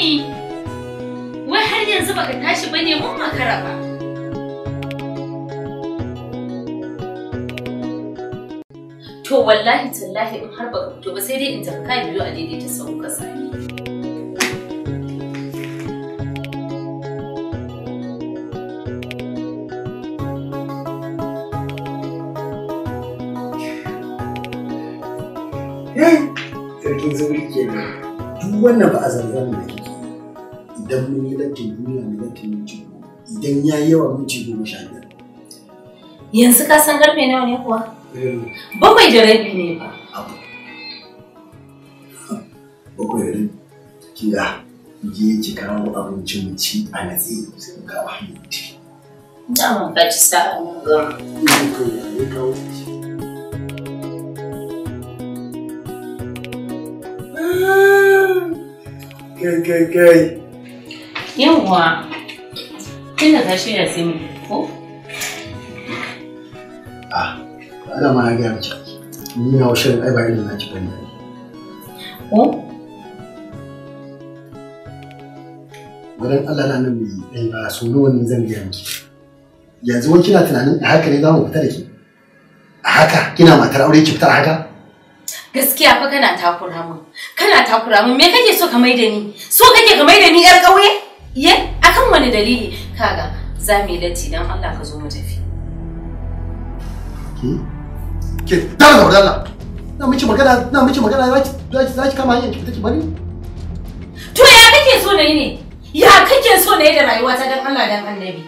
ne? Wai har yanzu baka tashi bane mun makara ba. To wallahi tallahi in har baka to ba sai dai in tarka biyu a daidaita sau ka sani. sarkin zauri kenan duk wannan ba a ne idan mun yi lantin duniya na lantin minti idan ya yi yawa minti goma sha biyar. yanzu ka san karfe nawa ne kuwa? Eh. bakwai da rabi ne ba. abu bakwai da rabi kira je ki kawo abinci ci a natsi sai mu kawo hanyar ti. Dama ka ci sa'a ne gama. Ina kawo ci. Ah! kai kai kai yawwa tun da ka shirya sai mu ko ah ana ma na gaya mace ni na washin ai ba irin naki bane ko gurin Allah na nan mai ɗaya ba so nawa ne zan gaya miki yanzu wani kina tunanin a haka ne za mu fita da ke a haka kina matar aure ki fita a haka gaskiya fa kana takura min kana takura min me kake so ka maida ni so kake ka maida ni yar ƙauye Ye, akan wani dalili kaga za mu yi latti don Allah ka zo mu tafi. Ke, tara da wadala. Na miki magana, na miki magana za ki kama hanyar ki fita ki bari. To ya kake so na yi ne? Ya kake so na yi da rayuwata don Allah don Annabi?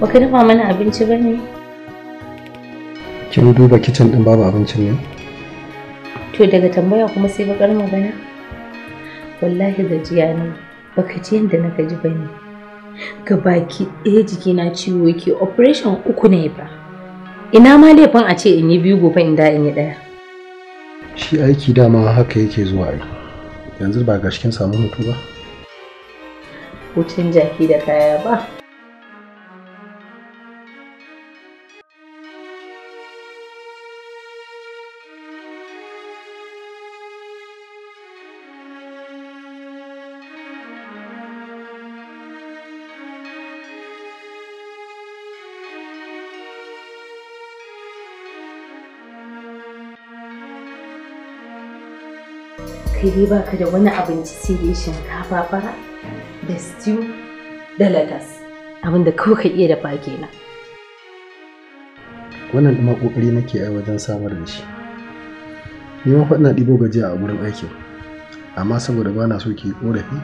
Baka dafa mana abinci ba ne? Kin duba kicin din babu abincin ne? To daga tambaya kuma sai bakar magana? Wallahi gajiya ne, baka ji yadda na gaji ba ne. Ga baki ɗaya jikina ciwo yake operation uku ne ba. Ina ma laifin a ce in yi biyu gobe in da in yi ɗaya. Shi aiki dama haka yake zuwa yi. Yanzu ba ga samu hutu ba? Hutun jaki da kaya ba. kai ba baka da wani abinci sai dai shinkafa fara da stew da latas da kawai ka iya ba kenan wannan dama kokari nake ai wajen samar da shi ni ma faɗina ɗibo gajiya a gurin aikin amma saboda ba na so ki korafi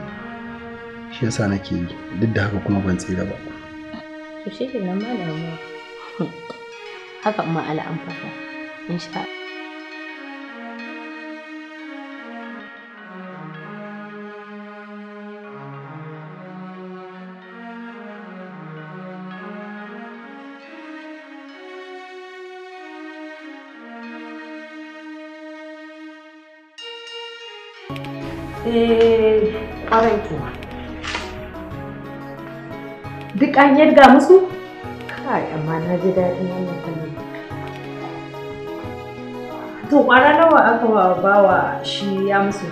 shi yasa nake yi duk da haka kuma ban tsira ba to shi ke nan ma haka ma al'amfata in sha Eh, ƙwarai kuwa. Duk an yadda musu? Kai, amma na ji daɗin wannan fannin. To, ƙwara nawa aka wa bawa shi ya musu?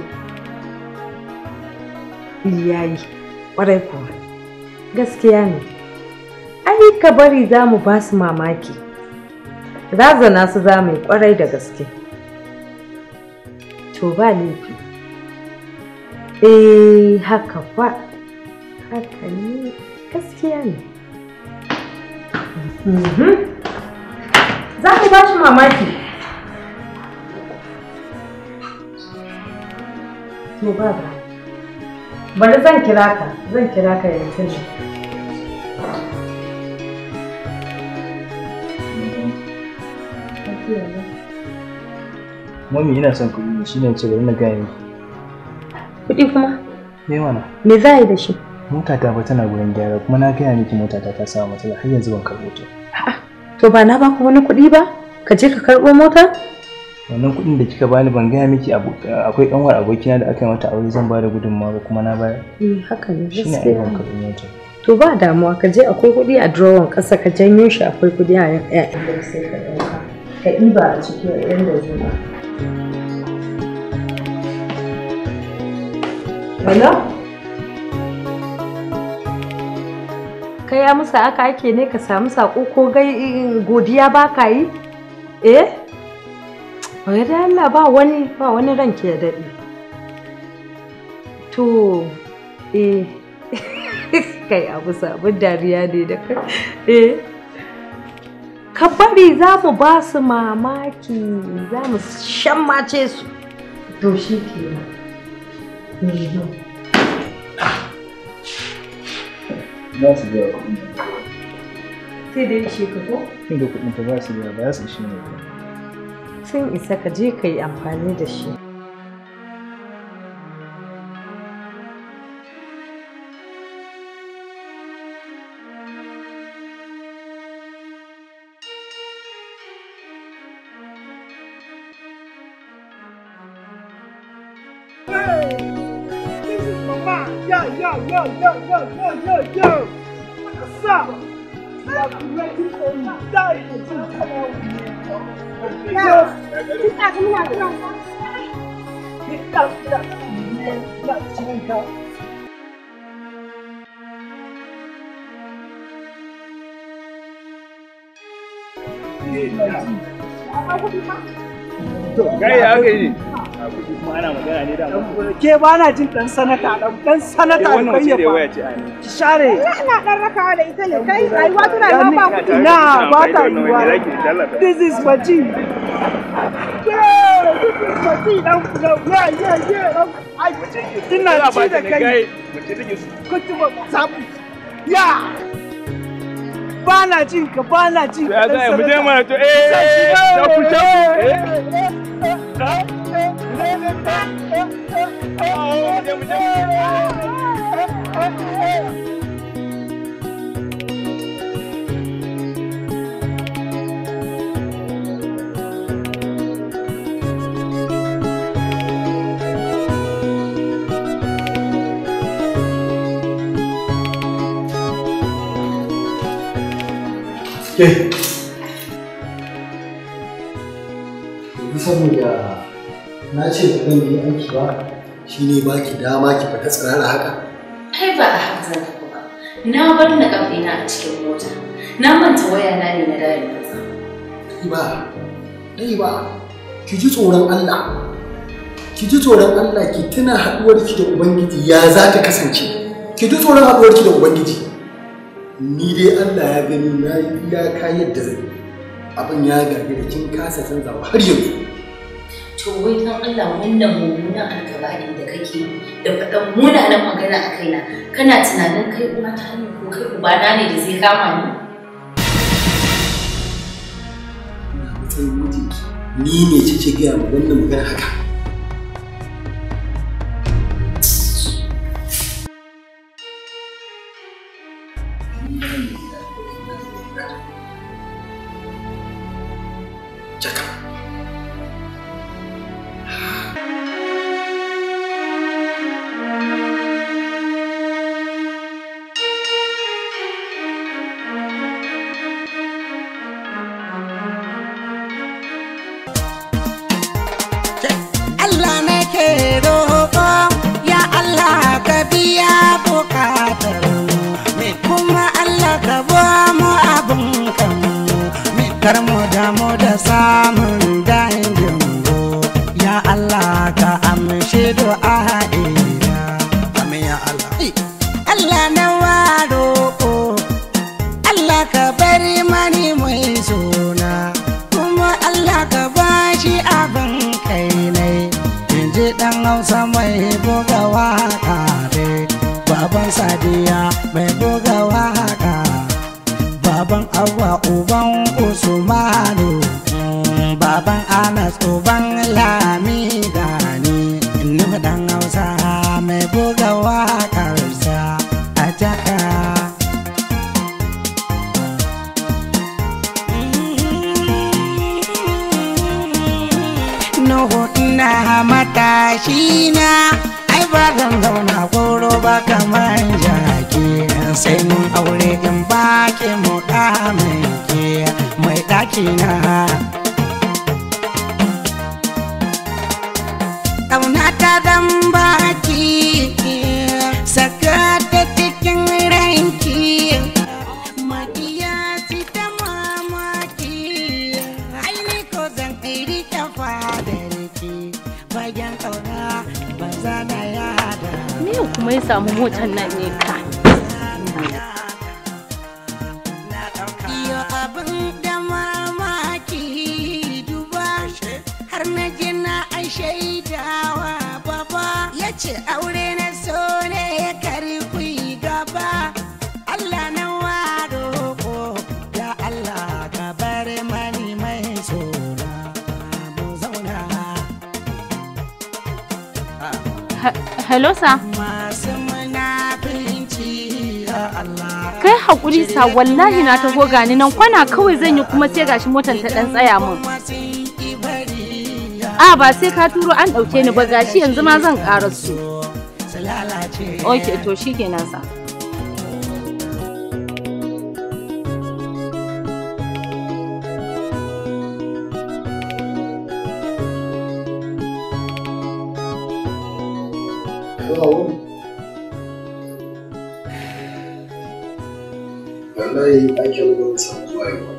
Iyayi, ƙwarai kuwa. Gaskiya ne. Ai, ka bari za mu ba su mamaki. Razana su za mu yi ƙwarai da gaske. To, ba laifi. eh haka ba haka ne gaskiya ne mhm. za ku ba shi mamaki to ba ba bari zan kira ka zan kira ka yanzu ne Mami ina son kuɗi shine ce bari na gaya miki. Kuɗi kuma? Me mana? Me za a yi da shi? Mota ta bata na gurin gyara kuma na gaya miki mota ta ta samu matsala har yanzu ban karɓo ta. To ba na baku wani kuɗi ba? Ka je ka karɓo motar? Wannan kuɗin da kika bani ban gaya miki akwai ƙanwar abokina da aka yi mata aure zan ba da gudunmawa kuma na bayar. Eh haka ne gaskiya. Shi ne ban karɓo motar. To ba damuwa ka je akwai kuɗi a drawer ƙasa ka janyo shi akwai kuɗi a 'ya'ya. Ka ɗiba a ciki a inda zuwa. Bala? Kai ya musa aka ake ne ka samu sako ko godiya ba ka yi? Eh? Wai da Allah ba wani ba wani ranke ya daɗe. To, eh. Kai abu sabon dariya ne da kai. Eh. Ka bari za mu ba su mamaki, za mu shammace su. To shi kenan. Sai dai ishe ka ko? Kin ga kuɗin ta ba su da ba su shi ne ba. Sun isa ka je ka yi amfani da shi. Gai ya aka yi. da Ke ba na jin dan sanata dan sanata da eh, kai ya Ki share. Ina dan rakawa da ita ne kai rayuwa tana ba Na ba ta yiwa. This is Yeah, this is yeah yeah yeah. ina ci da kai. Mutum take Yeah. ba na jin ka ba na jin ka dan sanar da mana to eh ta ku ta ku eh ke saboda na ce ba zan yi aiki ba shi ne ba ki dama ki fita tsirara haka ai ba a hanzar ku ba na bar na ƙarfi na a cikin mota na manta waya na ne na dare ba dai ba ki ji tsoron Allah ki ji tsoron Allah ki tuna haɗuwarki da Ubangiji ya za ta kasance ki ji tsoron haɗuwar ki da Ubangiji ni dai Allah ya gani na ya ka yadda zai abin ya da kin kasa canzawa har yanzu to wai dan Allah wannan mummunan alkabari da kake da faɗan munanan magana a kaina kana tunanin kai kuma ta ne ko kai ubana ne da zai kama ni ni ne ce ce gaya wannan magana haka ki mu ɗaminki mai daki na ƙauna ta dan baki saka ta cikin ranki magiya ci ta mamaki aini ko zan iri ta fadarki bayan ƙauna ba za na yada me kuma ya samu motar nan ne mota wallahi na ta goga ni nan kwana kawai zan yi kuma sai gashi motar ta dan tsaya mun a ba sai ka turo an ɗauke ni ba gashi yanzu ma zan karasu. ok to shikenan sa ai ɗakin ruwan samu zuwa yau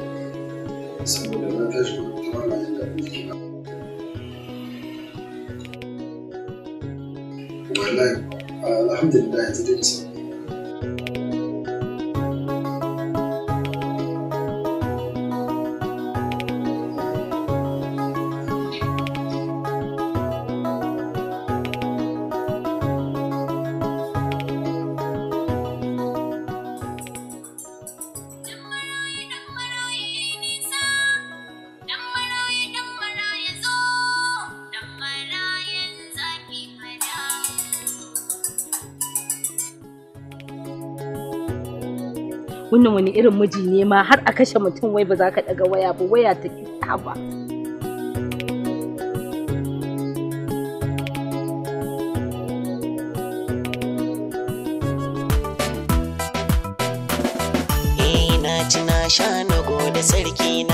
saboda na tashi da kuma na jin daɗin alhamdulillah dai wannan wani irin miji ne ma har a kashe mutum wai ba za ka daga waya ba waya ta kita ba Ina eh, ci na sha na gode sarki na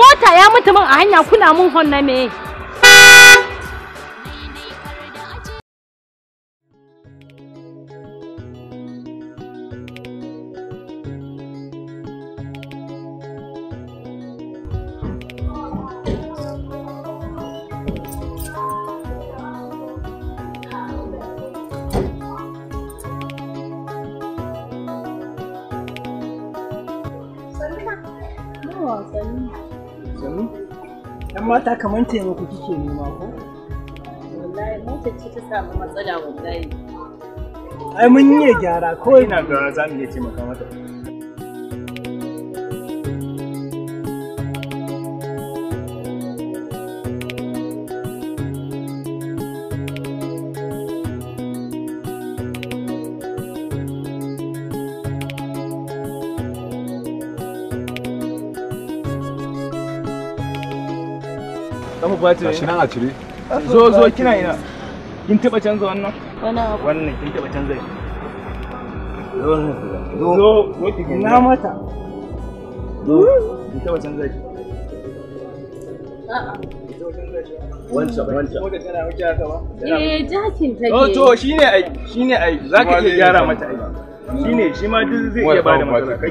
mota ya mutu min a hanya kuna mun honna me mata kamar taimako kike nema ko wallahi motar ce ta samu matsala wallahi ai mun yi gyara kawai ina ga za mu iya taimaka mata Kafa Gashi nan a cire. Zo zo kina ina. Kin taba canza wannan? Wannan. Wannan kin taba canza. Zo zo wati na mata. Zo kin taba canza eh, oh, to ai shine ai iya gyara mata ai. ne shi ma duk zai iya bada matsala kai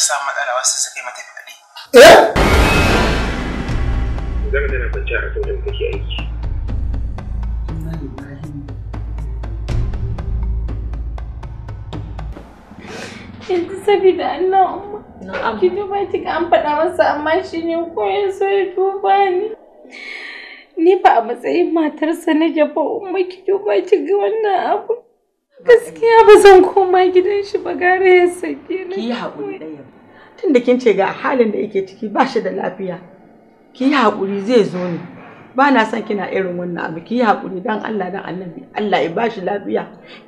ta samu matsala wasu suka yi mata fadi. Eh? Zan tana kwanciya a kan da kake aiki. Yanzu saboda Allah umma. Na'am. Ki duba ki an faɗa masa amma shi ne ko ya so ya duba ni. Ni ba a matsayin matarsa na jaba umma ki duba ki ga wannan abu. Gaskiya ba zan koma gidan shi ba gare ya sake ni. Ki yi haƙuri ɗaya. Tun da kin ce ga halin da yake ciki ba shi da lafiya. Ki yi haƙuri zai zo ne. Ba na son kina irin wannan abu ki yi haƙuri dan Allah dan Annabi. Allah ya ba shi lafiya.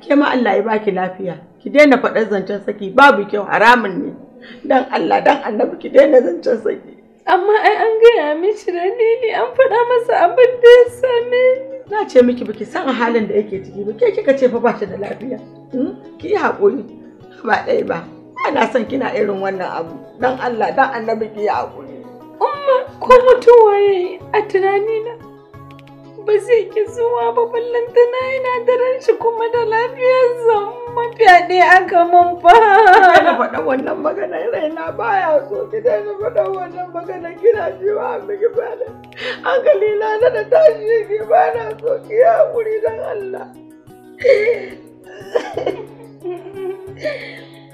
Ke ma Allah ya ba ki lafiya. Ki daina faɗar zancen saki babu kyau haramun ne. Dan Allah dan Annabi ki daina zancen saki. Amma ai an gaya mishi ni an faɗa masa abin da ya same ce miki baki san halin da yake ciki ba ke kika ce fa ba shi da lafiya hmm? ki yi haƙuri ba ɗaya ba ana son kina irin wannan abu dan Allah dan annabi ki yi haƙuri umma ko mutuwa yayi a na ba zai ki zuwa ba ballantana yana da ran kuma da lafiyarsa mafyaɗe aka man fa. Kina faɗa wannan magana raina baya so ki da ni faɗa wannan magana kina ji wa miki bada. Hankali na na da tashi ki na so ki haƙuri don Allah.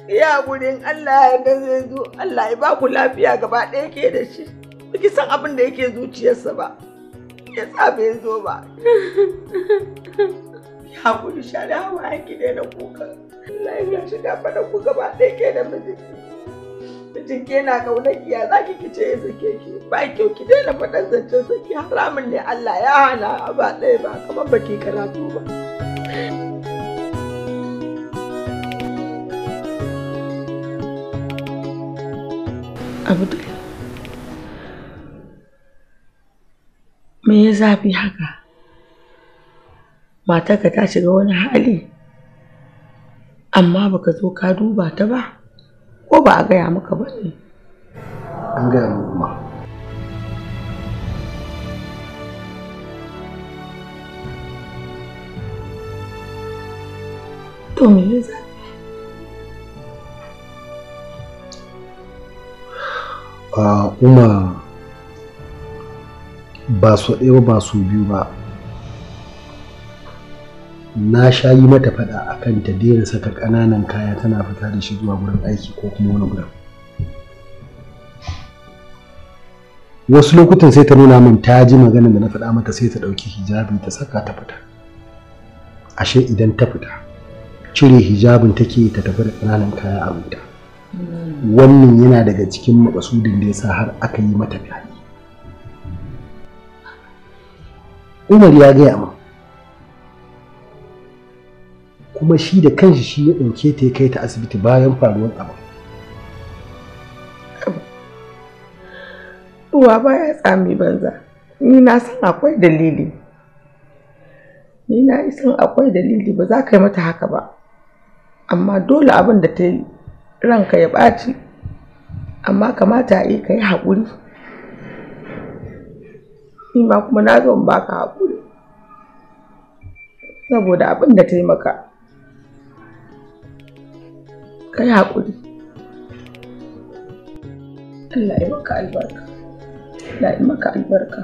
Ya gurin Allah ya da zai zo Allah ya ba ku lafiya gaba ɗaya ke da shi. Ki san abin da yake zuciyarsa ba. ya sa bai zo ba ya gudu shari hawa yake ne na kuka Allah ya shi da fada ku gaba ɗaya ke da mijinki mijinki yana kauna ki ya zaki ki ce zake ki ba kyau ki daina faɗan zancen saki haramun ne Allah ya hana ba ɗaya ba kamar baki karatu ba. Abdul me ya zafi haka matarka ta shiga wani hali amma baka zo ka duba ta ba ko ba a gaya maka ba ne an gaya mu kuma to me ya zafi ah, uma ba su ɗaya ba su biyu ba na sha yi mata faɗa a kan ta daina saka ƙananan kaya tana fita da shi zuwa wurin aiki ko kuma wani gurin wasu lokutan sai ta nuna min ta ji maganin da na faɗa mata sai ta ɗauki hijabi ta saka ta fita ashe idan ta fita cire hijabin take ta tafi da ƙananan kaya a wuta wannan yana daga cikin makasudin da ya sa har aka yi mata fyaɗe umar ya gaya min kuma shi da kanshi shi ya ɗauke ta ya kai ta asibiti bayan faruwar abu ruwa ya tsami banza ni na san akwai dalili ni na san akwai dalili ba za ka yi mata haka ba amma dole abin da ta yi ranka ya ɓaci amma kamata a yi ka yi haƙuri ni ma kuma na zo in baka haƙuri saboda abin da ta yi maka ka yi haƙuri Allah ya maka albarka Allah ya maka albarka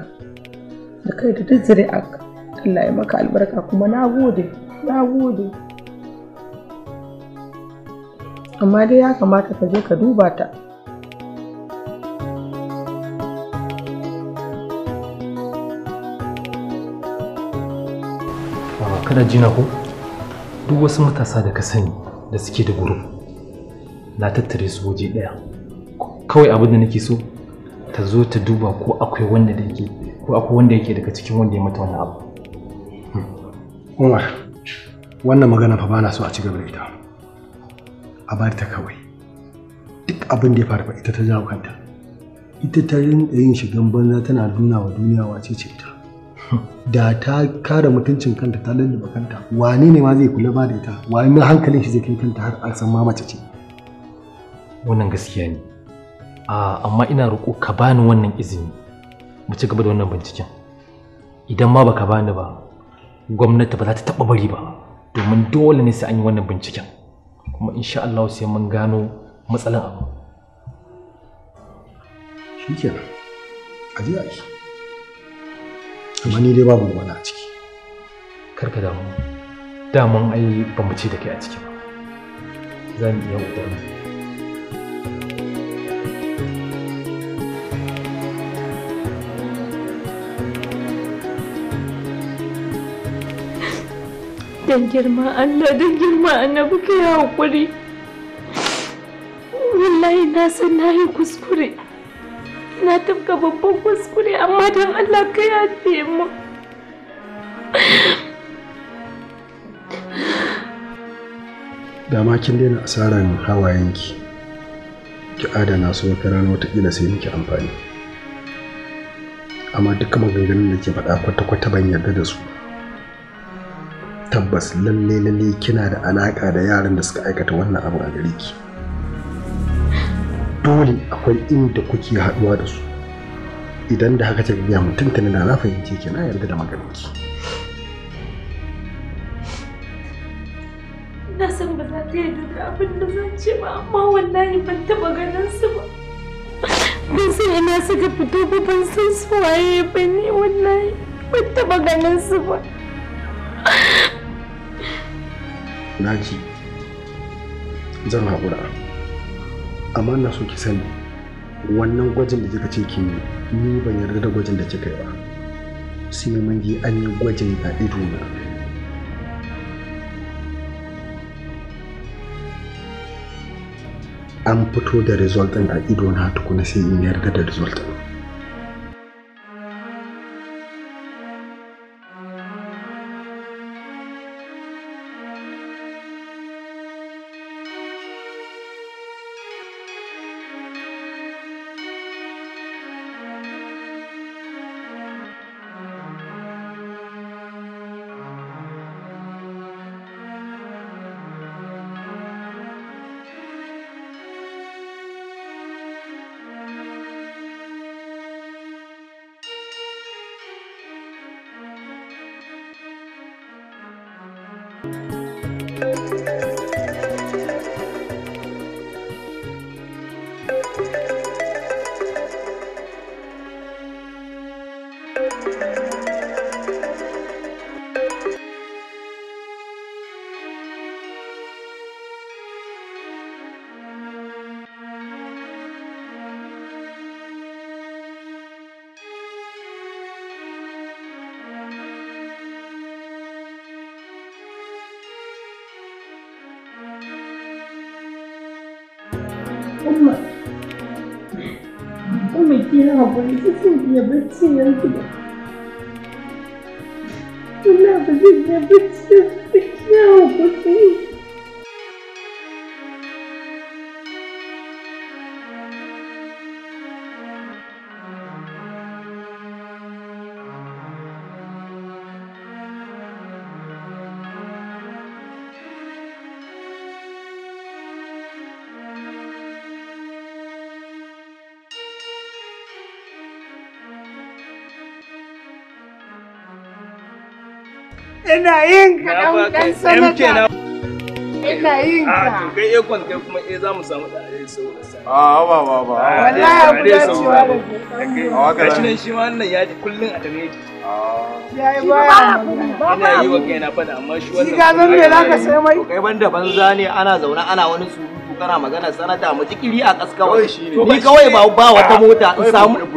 da kai da duk zuri'arka Allah ya maka albarka kuma na gode na gode amma dai ya kamata ka je ka duba ta kana jina ko duk wasu matasa da ka sani da suke da guru na tattare su waje ɗaya kawai abin da nake so ta zo ta duba ko akwai wanda da yake ko akwai wanda yake daga cikin wanda ya mata wani abu hmm. Umar wannan magana fa bana so a ci gaba da ita a bar ta kawai duk abin da ya faru ita ta jawo kanta ita ta rinka yin shigan banza tana nuna wa duniya wace ce ita da ta kare mutuncin kanta ta lallaba kanta wane ne ma zai kula ba da ita wani hankalin shi zai kai kanta har a san mace ce wannan gaskiya ne amma ina roƙo ka bani wannan izini mu ci gaba da wannan binciken idan ma baka bani ba gwamnati ba za ta taɓa bari ba domin dole ne sai an yi wannan binciken kuma insha Allah sai mun gano matsalan abu shikenan a a shi amma ni dai babu wani a ciki karka damu daman ai ba mu ce da kai a ciki ba za mu iya ƙoƙarin don girma Allah don girma annabi ka yi wallahi na san na yi kuskure na tafka babban kuskure amma don Allah ka yafe mu dama kin daina asaran hawayenki ki adana su wata rana watakila sai miki amfani amma duka maganganun da ke faɗa kwata-kwata ban yarda da su tabbas lalle lalle kina da alaƙa da yaran da suka aikata wannan abu a gare ki dole akwai inda kuke haɗuwa da su idan da haka ta biya mutum ta da na fahimce ke na yarda da maganinki na san ba za ta yarda da abin da zan ce ba amma yi ban taɓa ganin su ba ban san ina suka fito ba ban san su waye ba ne yi ban taɓa ganin su ba na ji zan haƙura amma na so ki sani wannan gwajin da kika ce ki yi ni ban yarda da gwajin da kika yi ba sai mun yi an yi gwajin da ido na an fito da result ɗin a ido na tukuna sai in yarda da result din iya bacci yanzu ba. Allah ba zan iya bacci Ina yin ka ɗan ɗan sanata. Ina yin ah, ka. A to kai ekon kai kuma e za mu samu da ayyukan saboda sa. A ba ba ba. Wallahi abu da cewa da kai. A ah, waka shi ne shi ma wannan ya ji kullun a tare yake. Yayi ba. Ina yi wa kaina fada amma shi wannan. Shi ga zan me zaka sai mai? Kai banda banza ne ana zaune ana wani su kana magana sanata mu jikiri a kas kawai ni kawai ba wata ah, mota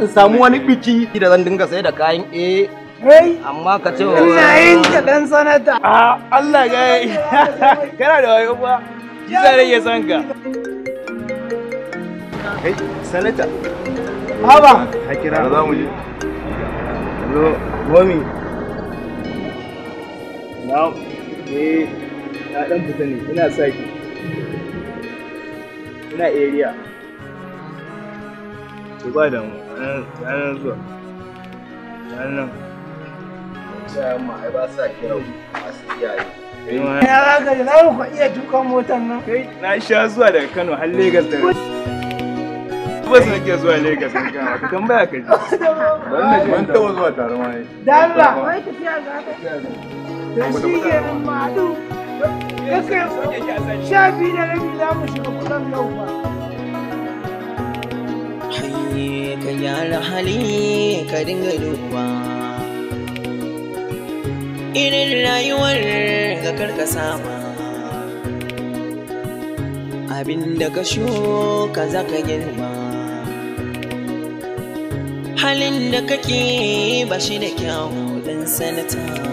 in samu wani biki da zan dinga sai da kayan eh amma ka ce wa ina yin ka dan sanata a Allah ga kana da wayo ba ki zare ya san ka kai sanata haba ka kira za mu je lo gomi na eh na dan fita ne ina saki ina area ba da mu zuwa iyayen mu za ka iya motar nan kai na sha zuwa daga Kano har Legas da Bas nake zuwa Lagos in gama ka tambaya ka ji ban zuwa tare ma ne dalla wai tafiya ga ka da shi ke sha da rabi za mu shiga kuɗin lauwa Hanyar ka yara hali ka dinga duba irin rayuwar ga karka sama abinda ka shuka za ka girma halin da kake ba shi da kyau dan sanata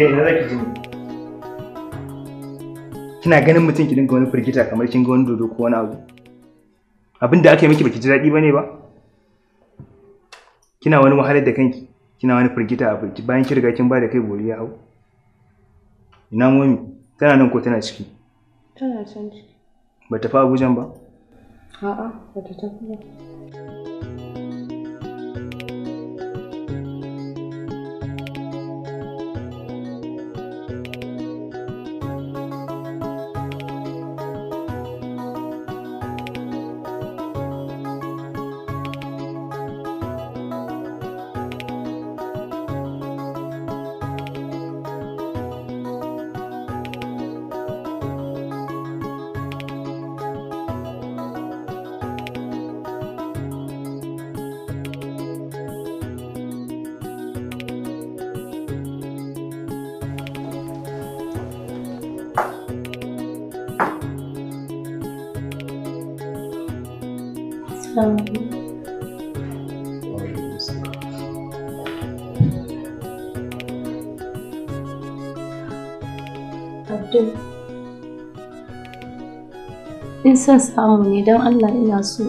ke ina zaki kina ganin mutum ki dinga wani firgita kamar kin ga wani dodo ko wani abu abinda aka yi miki baki ji daɗi bane ba kina wani wahalar da kanki kina wani firgita a firgita bayan kin riga kin ba da kai boriya hau ina momi tana nan ko tana ciki tana can ciki bata fa abujan ba a'a bata tafi ba son samu ne don Allah ina so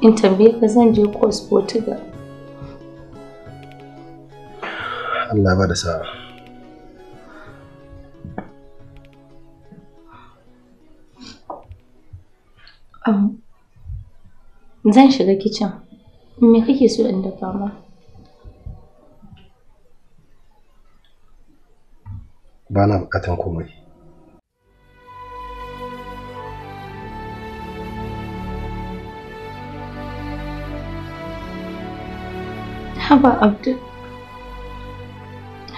in tambaye ka zan je course Portugal. Allah ba da sa'a. Zan shiga kicin. Me kake so in dafa ma? Ba na bukatan komai. Haba Abdul.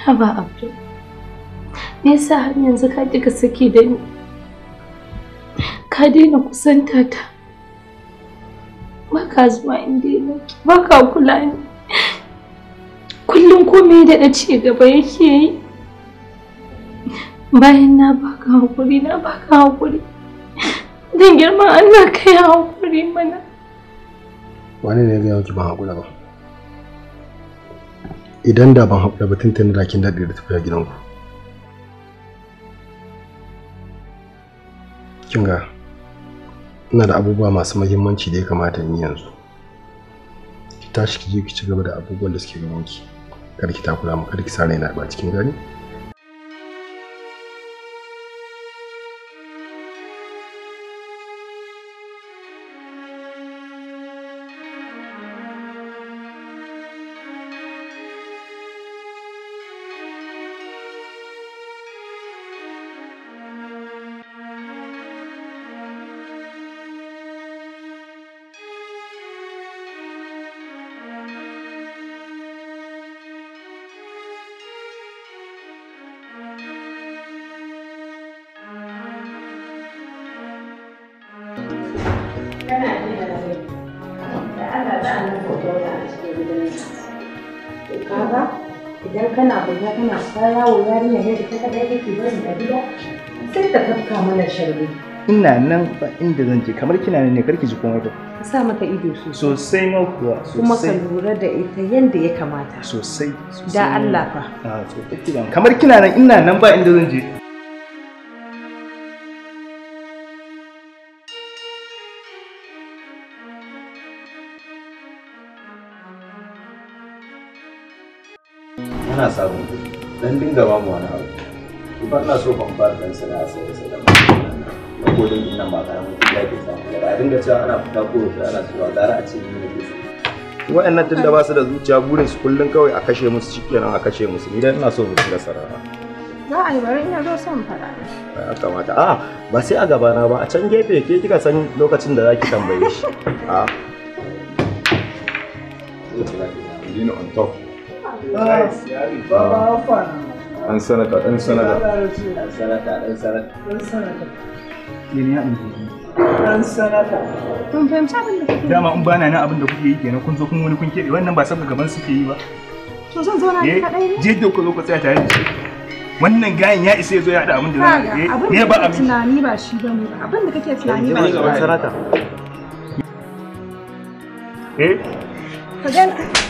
Haba Abdul. Me yasa har yanzu ka kika saki da ni? Ka daina kusanta ta. Baka zuwa inda nake, baka kula ni. Kullum komai da na ci gaba yake yi. Bayan na baka hakuri, na baka hakuri. Dan girman Allah kai hakuri mana. Wani ne ya gaya ba hakuri ba? idan da ban haɗa ba tuntuni da kin daɗe da tafiya gidanku kin ga ina da abubuwa masu muhimmanci da ya kamata in yanzu ki tashi ki je ki ci gaba da abubuwan da suke gabanki Kar ki takura mu kar ki sa raina ba cikin gani ne a sai ta tafka mana ina nan ba inda zan je kamar kina ne karki ji kuma ba ka sa ido sosai sosai ma kuwa kuma ka lura da ita yanda ya kamata sosai da Allah fa ah, kamar kina nan ina nan ba inda zan je ana sabon Nan dinga ba mu wani abu ba na so ban fara dan sana'a sai sai da na kodin din nan ba karamin gida ke samu da dinga cewa ana fita ko shi ana cewa gara a ce ni ne ke wa'annan tun da ba su da zuciya burin su kullum kawai a kashe musu shikenan a kashe musu idan ina so mu shiga sarara za a yi bari ina zo son fara ya kamata a ba sai a gabana ba a can gefe ke kika san lokacin da zaki tambaye shi a on top Baba Afan. Ɗan sanata, an sanata. an sanata, ɗan sanata. Ɗan Kun fahimci abin da kuke yi. Dama in bana nan abin da kuke yi kenan kun zo kun wani kun keɓe wannan ba saboda gaban suke yi ba. To zan zauna ne kaɗai ne? Je da ku zo ku tsaya tare da shi. Wannan gayan ya isa ya zo ya haɗa abin da zan yi. Abin da kake tunani ba shi ba ne Abin da kake tunani ba shi ba ne. Eh? Ka gana.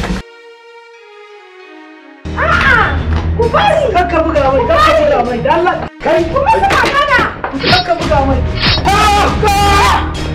kakka buga mai kakka buga mai da Allah kai buga mai ah! Ah!